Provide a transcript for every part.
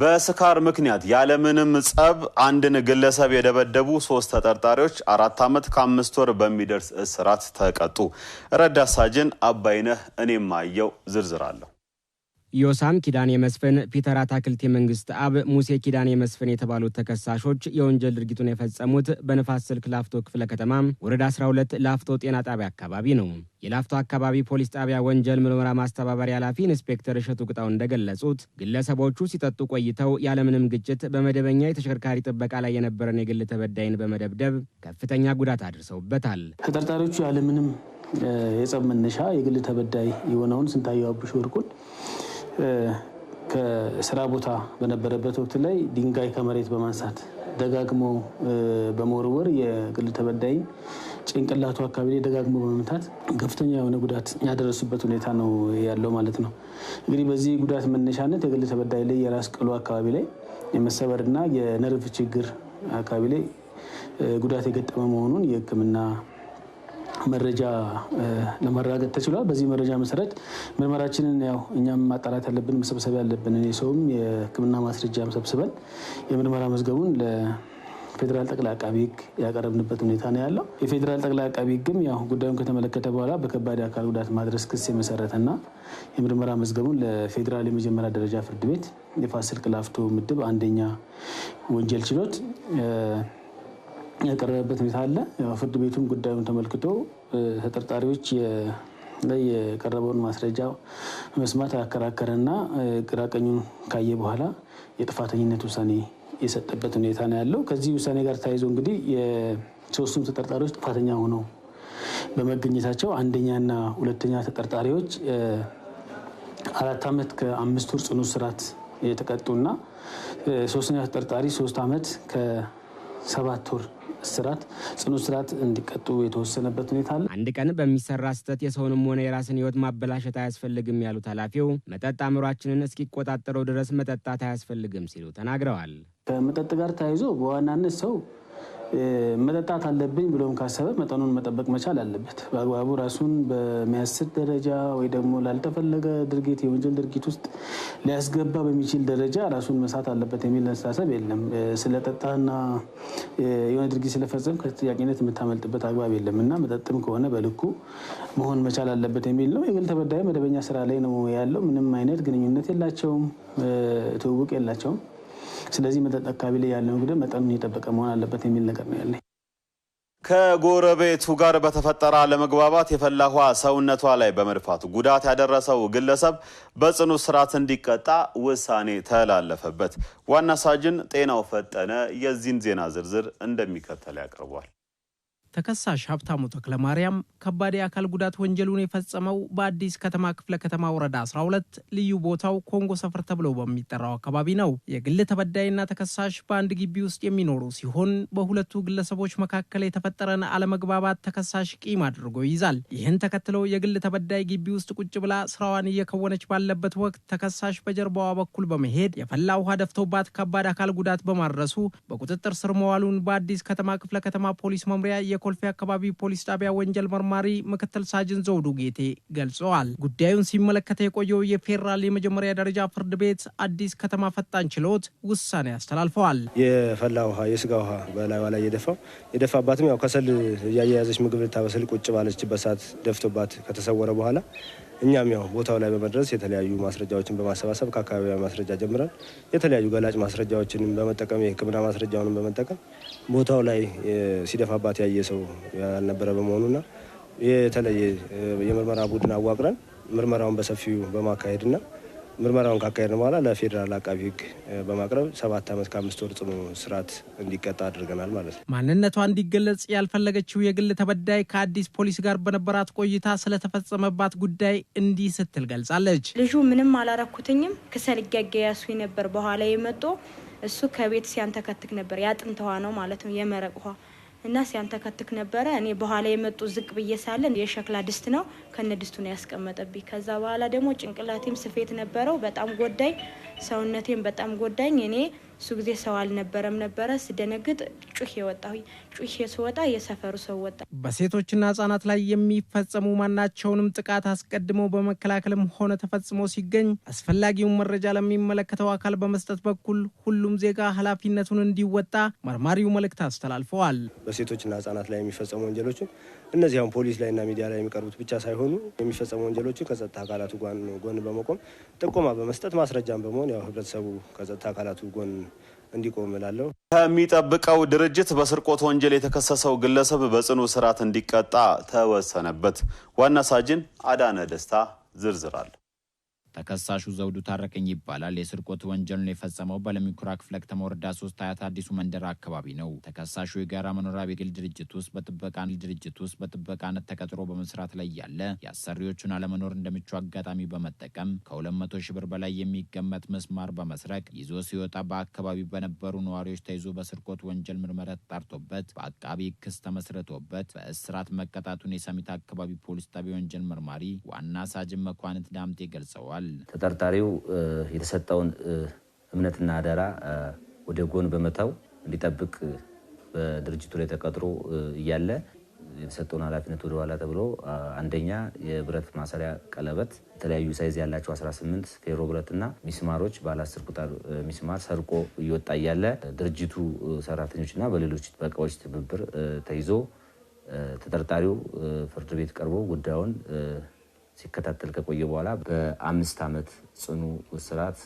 በስካር ምክንያት ያለምንም ጸብ አንድን ግለሰብ የደበደቡ ሶስት ተጠርጣሪዎች አራት ዓመት ከአምስት ወር በሚደርስ እስራት ተቀጡ። ረዳት ሳጅን አባይነህ እኔም አየው ዝርዝር አለሁ። ዮሳም ኪዳኔ መስፍን፣ ፒተር አታክልት የመንግስት አብ፣ ሙሴ ኪዳኔ መስፍን የተባሉት ተከሳሾች የወንጀል ድርጊቱን የፈጸሙት በንፋስ ስልክ ላፍቶ ክፍለ ከተማ ወረዳ 12 ላፍቶ ጤና ጣቢያ አካባቢ ነው። የላፍቶ አካባቢ ፖሊስ ጣቢያ ወንጀል ምርመራ ማስተባበሪያ ኃላፊ ኢንስፔክተር እሸቱ ቅጣው እንደገለጹት ግለሰቦቹ ሲጠጡ ቆይተው ያለምንም ግጭት በመደበኛ የተሽከርካሪ ጥበቃ ላይ የነበረን የግል ተበዳይን በመደብደብ ከፍተኛ ጉዳት አድርሰውበታል። ተጠርጣሪዎቹ ያለምንም የጸብ መነሻ የግል ተበዳይ የሆነውን ስንታየው አብሽ ወርቁን ከስራ ቦታ በነበረበት ወቅት ላይ ድንጋይ ከመሬት በማንሳት ደጋግሞ በመወርወር የግል ተበዳይ ጭንቅላቱ አካባቢ ላይ ደጋግሞ በመምታት ከፍተኛ የሆነ ጉዳት ያደረሱበት ሁኔታ ነው ያለው ማለት ነው። እንግዲህ በዚህ ጉዳት መነሻነት የግል ተበዳይ ላይ የራስ ቅሉ አካባቢ ላይ የመሰበርና የነርቭ ችግር አካባቢ ላይ ጉዳት የገጠመ መሆኑን የሕክምና መረጃ ለማረጋገጥ ተችሏል። በዚህ መረጃ መሰረት ምርመራችንን ያው እኛም ማጣራት ያለብን መሰብሰብ ያለብን እኔ ሰውም የሕክምና ማስረጃ ሰብስበን የምርመራ መዝገቡን ፌዴራል ጠቅላይ አቃቢ ሕግ ያቀረብንበት ሁኔታ ነው ያለው። የፌዴራል ጠቅላይ አቃቢ ሕግም ያው ጉዳዩን ከተመለከተ በኋላ በከባድ አካል ጉዳት ማድረስ ክስ የመሰረተና የምርመራ መዝገቡን ለፌዴራል የመጀመሪያ ደረጃ ፍርድ ቤት የፋሲል ቅላፍቶ ምድብ አንደኛ ወንጀል ችሎት ያቀረበበት ሁኔታ አለ። ፍርድ ቤቱም ጉዳዩን ተመልክቶ ተጠርጣሪዎች ላይ የቀረበውን ማስረጃ መስማት ና ግራቀኙን ካየ በኋላ የጥፋተኝነት ውሳኔ የሰጠበት ሁኔታ ነው ያለው። ከዚህ ውሳኔ ጋር ተያይዞ እንግዲህ የሶስቱም ተጠርጣሪዎች ጥፋተኛ ሆነው በመገኘታቸው አንደኛና ሁለተኛ ተጠርጣሪዎች አራት ዓመት ከአምስት ወር ጽኑ እስራት የተቀጡና ሶስተኛ ተጠርጣሪ ሶስት ዓመት ከሰባት ወር እስራት ጽኑ እስራት እንዲቀጡ የተወሰነበት ሁኔታ አለ። አንድ ቀን በሚሰራ ስህተት የሰውንም ሆነ የራስን ህይወት ማበላሸት አያስፈልግም ያሉት ኃላፊው መጠጥ አእምሯችንን እስኪቆጣጠረው ድረስ መጠጣት አያስፈልግም ሲሉ ተናግረዋል። ከመጠጥ ጋር ተያይዞ በዋናነት ሰው መጠጣት አለብኝ ብሎም ካሰበ መጠኑን መጠበቅ መቻል አለበት። በአግባቡ ራሱን በሚያስር ደረጃ ወይ ደግሞ ላልተፈለገ ድርጊት የወንጀል ድርጊት ውስጥ ሊያስገባ በሚችል ደረጃ ራሱን መሳት አለበት የሚል አስተሳሰብ የለም። ስለጠጣና የሆነ ድርጊት ስለፈጸም ከተጠያቂነት የምታመልጥበት አግባብ የለም እና መጠጥም ከሆነ በልኩ መሆን መቻል አለበት የሚል ነው። የግል ተበዳይ መደበኛ ስራ ላይ ነው ያለው። ምንም አይነት ግንኙነት የላቸውም፣ ትውውቅ የላቸውም። ስለዚህ መጠጥ አካባቢ ላይ ያለው እንግዲህ መጠኑን የጠበቀ መሆን አለበት የሚል ነገር ነው ያለኝ። ከጎረቤቱ ጋር በተፈጠረ አለመግባባት የፈላ ውሃ ሰውነቷ ላይ በመድፋቱ ጉዳት ያደረሰው ግለሰብ በጽኑ እስራት እንዲቀጣ ውሳኔ ተላለፈበት። ዋና ሳጅን ጤናው ፈጠነ የዚህን ዜና ዝርዝር እንደሚከተል ያቀርቧል። ተከሳሽ ሀብታሙ ተክለ ማርያም ከባድ የአካል ጉዳት ወንጀሉን የፈጸመው በአዲስ ከተማ ክፍለ ከተማ ወረዳ 12 ልዩ ቦታው ኮንጎ ሰፈር ተብሎ በሚጠራው አካባቢ ነው። የግል ተበዳይና ተከሳሽ በአንድ ግቢ ውስጥ የሚኖሩ ሲሆን በሁለቱ ግለሰቦች መካከል የተፈጠረን አለመግባባት ተከሳሽ ቂም አድርጎ ይይዛል። ይህን ተከትሎ የግል ተበዳይ ግቢ ውስጥ ቁጭ ብላ ስራዋን እየከወነች ባለበት ወቅት ተከሳሽ በጀርባዋ በኩል በመሄድ የፈላ ውሃ ደፍቶባት ከባድ አካል ጉዳት በማድረሱ በቁጥጥር ስር መዋሉን በአዲስ ከተማ ክፍለ ከተማ ፖሊስ መምሪያ ኮልፌ አካባቢ ፖሊስ ጣቢያ ወንጀል መርማሪ ምክትል ሳጅን ዘውዱ ጌቴ ገልጸዋል። ጉዳዩን ሲመለከተ የቆየው የፌዴራል የመጀመሪያ ደረጃ ፍርድ ቤት አዲስ ከተማ ፈጣን ችሎት ውሳኔ አስተላልፈዋል። የፈላ ውሃ የስጋ ውሃ በላይዋ ላይ የደፋው የደፋባትም ያው ከሰል እያያያዘች ምግብ ልታበስል ቁጭ ባለችበት ሰዓት ደፍቶባት ከተሰወረ በኋላ እኛም ያው ቦታው ላይ በመድረስ የተለያዩ ማስረጃዎችን በማሰባሰብ ከአካባቢያዊ ማስረጃ ጀምረን የተለያዩ ገላጭ ማስረጃዎችንም በመጠቀም የሕክምና ማስረጃውንም በመጠቀም ቦታው ላይ ሲደፋባት ያየ ሰው ያልነበረ በመሆኑና የተለየ የምርመራ ቡድን አዋቅረን ምርመራውን በሰፊው በማካሄድና ምርመራውን ካካሄድን በኋላ ለፌዴራል አቃቢ ህግ በማቅረብ ሰባት ዓመት ከአምስት ወር ጽኑ እስራት እንዲቀጣ አድርገናል ማለት ነው። ማንነቷ እንዲገለጽ ያልፈለገችው የግል ተበዳይ ከአዲስ ፖሊስ ጋር በነበራት ቆይታ ስለተፈጸመባት ጉዳይ እንዲህ ስትል ገልጻለች። ልጁ ምንም አላረኩትኝም ይገገያሱ ነበር። በኋላ የመጦ እሱ ከቤት ሲያንተከትክ ነበር። ያጥንተዋ ነው ማለት ነው የመረቅ ውሃ እና ሲያንተከትክ ነበረ። እኔ በኋላ የመጡ ዝቅ ብዬ ሳለ የሸክላ ድስት ነው ከነ ድስቱ ነው ያስቀመጠብኝ። ከዛ በኋላ ደግሞ ጭንቅላቴም ስፌት ነበረው፣ በጣም ጎዳኝ። ሰውነቴም በጣም ጎዳኝ እኔ እሱ ጊዜ ሰው አልነበረም ነበረ። ስደነግጥ ጩሄ ወጣሁ። ጩህ ስወጣ የሰፈሩ ሰው ወጣ። በሴቶችና ህጻናት ላይ የሚፈጸሙ ማናቸውንም ጥቃት አስቀድሞ በመከላከልም ሆነ ተፈጽሞ ሲገኝ አስፈላጊውን መረጃ ለሚመለከተው አካል በመስጠት በኩል ሁሉም ዜጋ ኃላፊነቱን እንዲወጣ መርማሪው መልእክት አስተላልፈዋል። በሴቶችና ህጻናት ላይ የሚፈጸሙ ወንጀሎችን እነዚህ አሁን ፖሊስ ላይና ሚዲያ ላይ የሚቀርቡት ብቻ ሳይሆኑ የሚፈጸሙ ወንጀሎችን ከጸጥታ አካላቱ ጎን በመቆም ጥቆማ በመስጠት ማስረጃን በመሆን ያው ህብረተሰቡ ከጸጥታ አካላቱ ጎን እንዲቆም እላለሁ። ከሚጠብቀው ድርጅት በስርቆት ወንጀል የተከሰሰው ግለሰብ በጽኑ እስራት እንዲቀጣ ተወሰነበት። ዋና ሳጅን አዳነ ደስታ ዝርዝራል ተከሳሹ ዘውዱ ታረቀኝ ይባላል። የስርቆት ወንጀሉን የፈጸመው በለሚኩራ ክፍለ ከተማ ወረዳ ሶስት አያት አዲሱ መንደር አካባቢ ነው። ተከሳሹ የጋራ መኖሪያ ቤግል ድርጅት ውስጥ በጥበቃ ድርጅት ውስጥ በጥበቃነት ተቀጥሮ በመስራት ላይ ያለ የአሰሪዎቹን አለመኖር እንደምቹ አጋጣሚ በመጠቀም ከ200 ሺህ ብር በላይ የሚገመት ምስማር በመስረቅ ይዞ ሲወጣ በአካባቢው በነበሩ ነዋሪዎች ተይዞ በስርቆት ወንጀል ምርመራ ተጣርቶበት በአቃቢ ክስ ተመስርቶበት በእስራት መቀጣቱን የሰሚት አካባቢ ፖሊስ ጣቢያ ወንጀል መርማሪ ዋና ሳጅን መኳንንት ዳምጤ ገልጸዋል። ተናግረዋል። ተጠርጣሪው የተሰጠውን እምነትና አደራ ወደ ጎን በመተው እንዲጠብቅ በድርጅቱ ላይ ተቀጥሮ እያለ የተሰጠውን ኃላፊነት ወደኋላ ተብሎ አንደኛ የብረት ማሰሪያ ቀለበት፣ የተለያዩ ሳይዝ ያላቸው 18 ፌሮ ብረትና ሚስማሮች ባለ አስር ቁጥር ሚስማር ሰርቆ እየወጣ እያለ ድርጅቱ ሰራተኞችና በሌሎች በቃዎች ትብብር ተይዞ ተጠርጣሪው ፍርድ ቤት ቀርቦ ጉዳዩን ሲከታተል ከቆየ በኋላ በአምስት ዓመት ጽኑ እስራት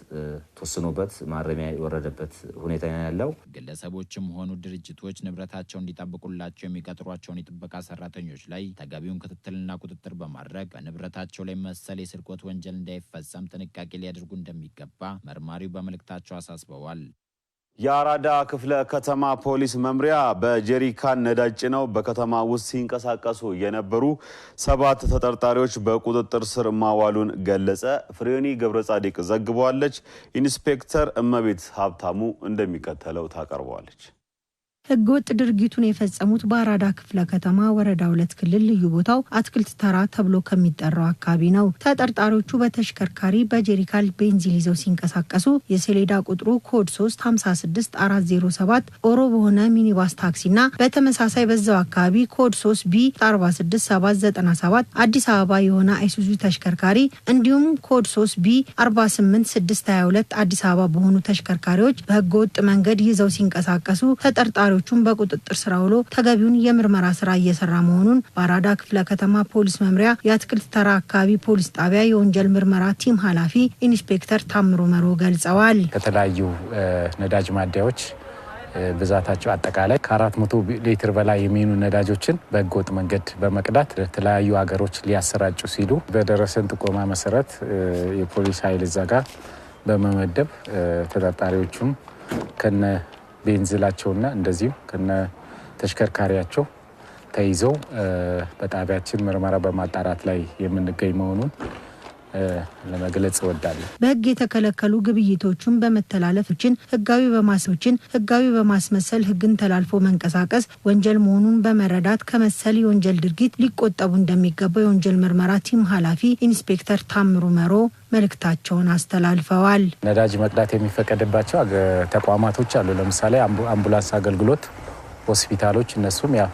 ተወስኖበት ማረሚያ የወረደበት ሁኔታ ያለው። ግለሰቦችም ሆኑ ድርጅቶች ንብረታቸው እንዲጠብቁላቸው የሚቀጥሯቸውን የጥበቃ ሰራተኞች ላይ ተገቢውን ክትትልና ቁጥጥር በማድረግ በንብረታቸው ላይ መሰል የስርቆት ወንጀል እንዳይፈጸም ጥንቃቄ ሊያደርጉ እንደሚገባ መርማሪው በመልእክታቸው አሳስበዋል። የአራዳ ክፍለ ከተማ ፖሊስ መምሪያ በጀሪካን ነዳጅ ጭነው በከተማ ውስጥ ሲንቀሳቀሱ የነበሩ ሰባት ተጠርጣሪዎች በቁጥጥር ስር ማዋሉን ገለጸ። ፍሬዮኒ ገብረ ጻዲቅ ዘግበዋለች። ኢንስፔክተር እመቤት ሀብታሙ እንደሚከተለው ታቀርበዋለች። ህገወጥ ድርጊቱን የፈጸሙት በአራዳ ክፍለ ከተማ ወረዳ ሁለት ክልል ልዩ ቦታው አትክልት ተራ ተብሎ ከሚጠራው አካባቢ ነው። ተጠርጣሪዎቹ በተሽከርካሪ በጄሪካል ቤንዚን ይዘው ሲንቀሳቀሱ የሰሌዳ ቁጥሩ ኮድ 3 56 407 ኦሮ በሆነ ሚኒባስ ታክሲና በተመሳሳይ በዛው አካባቢ ኮድ 3 ቢ 46797 አዲስ አበባ የሆነ አይሱዙ ተሽከርካሪ እንዲሁም ኮድ 3 ቢ 48622 አዲስ አበባ በሆኑ ተሽከርካሪዎች በህገወጥ መንገድ ይዘው ሲንቀሳቀሱ ተጠርጣሪ ተጠርጣሪዎቹን በቁጥጥር ስራ ውሎ ተገቢውን የምርመራ ስራ እየሰራ መሆኑን በአራዳ ክፍለ ከተማ ፖሊስ መምሪያ የአትክልት ተራ አካባቢ ፖሊስ ጣቢያ የወንጀል ምርመራ ቲም ኃላፊ ኢንስፔክተር ታምሮ መሮ ገልጸዋል። ከተለያዩ ነዳጅ ማደያዎች ብዛታቸው አጠቃላይ ከ400 ሊትር በላይ የሚሆኑ ነዳጆችን በህገወጥ መንገድ በመቅዳት ለተለያዩ ሀገሮች ሊያሰራጩ ሲሉ በደረሰን ጥቆማ መሰረት የፖሊስ ኃይል እዛ ጋር በመመደብ ተጠርጣሪዎቹም ከነ ቤንዝላቸውና እንደዚሁ ከነ ተሽከርካሪያቸው ተይዘው በጣቢያችን ምርመራ በማጣራት ላይ የምንገኝ መሆኑን ለመግለጽ እወዳለሁ። በህግ የተከለከሉ ግብይቶችን በመተላለፎችን ህጋዊ በማስችን ህጋዊ በማስመሰል ህግን ተላልፎ መንቀሳቀስ ወንጀል መሆኑን በመረዳት ከመሰል የወንጀል ድርጊት ሊቆጠቡ እንደሚገባው የወንጀል ምርመራ ቲም ኃላፊ ኢንስፔክተር ታምሩ መሮ መልእክታቸውን አስተላልፈዋል። ነዳጅ መቅዳት የሚፈቀድባቸው ተቋማቶች አሉ። ለምሳሌ አምቡላንስ አገልግሎት፣ ሆስፒታሎች እነሱም ያ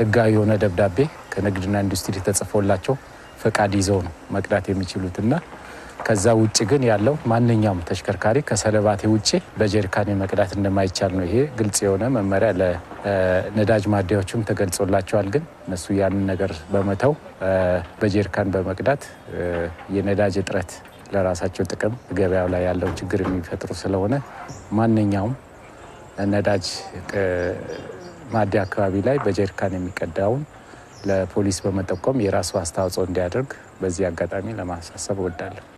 ህጋዊ የሆነ ደብዳቤ ከንግድና ኢንዱስትሪ ተጽፎላቸው ፈቃድ ይዘው ነው መቅዳት የሚችሉትና ከዛ ውጭ ግን ያለው ማንኛውም ተሽከርካሪ ከሰለባቴ ውጭ በጀሪካን መቅዳት እንደማይቻል ነው። ይሄ ግልጽ የሆነ መመሪያ ለነዳጅ ማደያዎችም ተገልጾላቸዋል። ግን እነሱ ያንን ነገር በመተው በጀሪካን በመቅዳት የነዳጅ እጥረት ለራሳቸው ጥቅም ገበያው ላይ ያለው ችግር የሚፈጥሩ ስለሆነ ማንኛውም ነዳጅ ማደያ አካባቢ ላይ በጀሪካን የሚቀዳውን ለፖሊስ በመጠቆም የራሱ አስተዋጽኦ እንዲያደርግ በዚህ አጋጣሚ ለማሳሰብ እወዳለሁ።